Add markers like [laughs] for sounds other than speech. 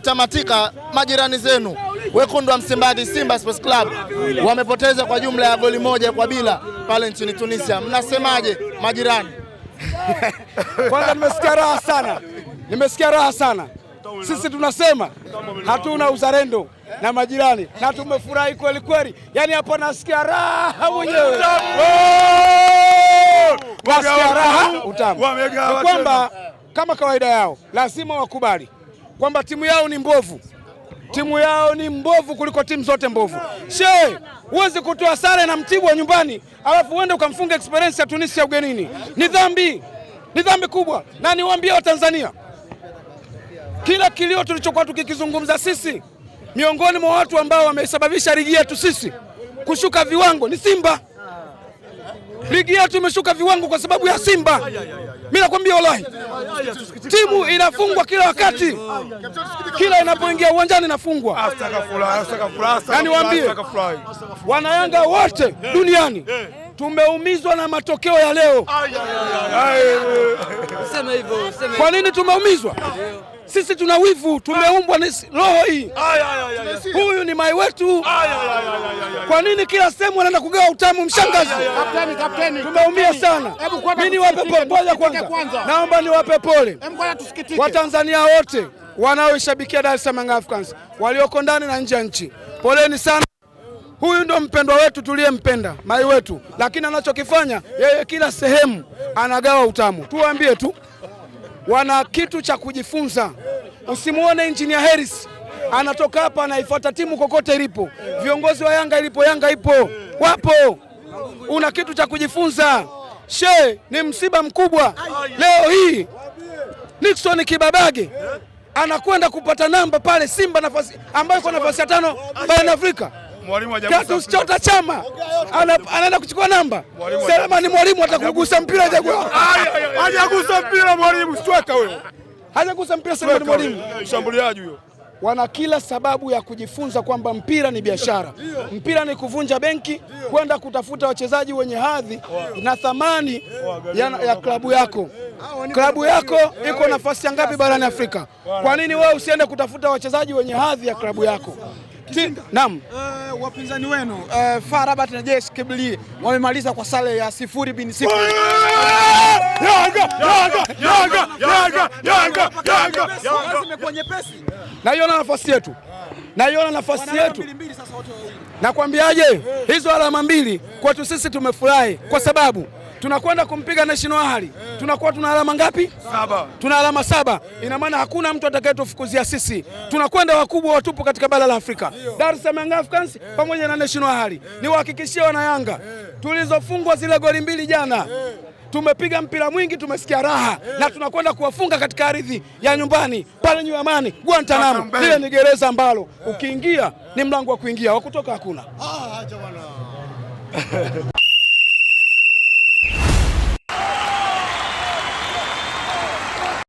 Tamatika majirani zenu wekundu wa Msimbazi, Simba Sports Club wamepoteza kwa jumla ya goli moja kwa bila pale nchini Tunisia. Mnasemaje majirani? [laughs] Kwanza nimesikia raha sana, nimesikia raha sana. Sisi tunasema hatuna uzalendo na majirani, na tumefurahi kweli kweli. Yani hapa nasikia raha mwenyewe, nasikia raha utamu kwamba kama kawaida yao lazima wakubali kwamba timu yao ni mbovu, timu yao ni mbovu kuliko timu zote mbovu. She, huwezi kutoa sare na Mtibwa nyumbani alafu uende ukamfunga experience ya Tunisia ugenini. Ni dhambi, ni dhambi kubwa, na niwaambie Watanzania, kila kilio tulichokuwa tukikizungumza sisi miongoni mwa watu ambao wamesababisha ligi yetu sisi kushuka viwango ni Simba. Ligi yetu imeshuka viwango kwa sababu ya Simba. Mimi nakwambia wallahi, timu inafungwa kila wakati, kila inapoingia uwanjani inafungwa. Yaani waambie wanayanga wote duniani tumeumizwa na matokeo ya leo. Kwa nini tumeumizwa? Sisi tuna wivu, tumeumbwa na roho hii. Huyu ni mai wetu. Kwa nini kila sehemu anaenda kugawa utamu? Mshangazi, tumeumia sana. Mimi niwape pole kwanza, naomba niwape pole Watanzania wote wanaoishabikia Dar es Salaam Africans walioko ndani na nje ya nchi, poleni sana. Huyu ndo mpendwa wetu tuliyempenda, mai wetu, lakini anachokifanya yeye, kila sehemu anagawa utamu. Tuwaambie tu wana kitu cha kujifunza. Usimuone Engineer Harris anatoka hapa anaifuata timu kokote ilipo. Viongozi wa Yanga ilipo Yanga ipo, wapo. Una kitu cha kujifunza. She ni msiba mkubwa leo hii. Nixon Kibabage anakwenda kupata namba pale Simba nafasi ambayo iko nafasi ya tano barani Afrika katuschota chama anaenda kuchukua namba selemani ni mwalimu, atakugusa mpira Jaguar. Hajagusa mpira mwalimu, stweka huyo, hajagusa mpira Selma ni mwalimu, mshambuliaji huyo. Wana kila sababu ya kujifunza kwamba mpira ni biashara, mpira ni kuvunja benki, kwenda kutafuta wachezaji wenye hadhi na thamani ya, ya klabu yako klabu yako iko nafasi ya ngapi barani Afrika? Kwa nini wewe usiende kutafuta wachezaji wenye hadhi ya klabu yako? Naam. Uh, wapinzani wenu uh, eh, FAR Rabat na JS Kabylie wamemaliza kwa sare ya sifuri bin sifuri. Naiona nafasi yetu, naiona nafasi yetu, nakwambiaje, eh. hizo alama mbili kwetu sisi tumefurahi kwa sababu tunakwenda kumpiga National Ahli yeah. tunakuwa tuna alama ngapi? Saba. Tuna alama saba yeah. Ina maana hakuna mtu atakayetufukuzia sisi yeah. Tunakwenda wakubwa watupo katika bara la Afrika yeah. Dar es Salaam Africans yeah. pamoja na National Ahli yeah. Niwahakikishie wana Yanga yeah. tulizofungwa zile goli mbili jana yeah. Tumepiga mpira mwingi, tumesikia raha yeah. na tunakwenda kuwafunga katika ardhi ya nyumbani pale New Amani Guantanamo. Lile ni gereza ambalo yeah. ukiingia yeah. ni mlango wa kuingia, wa kutoka hakuna ah, [laughs]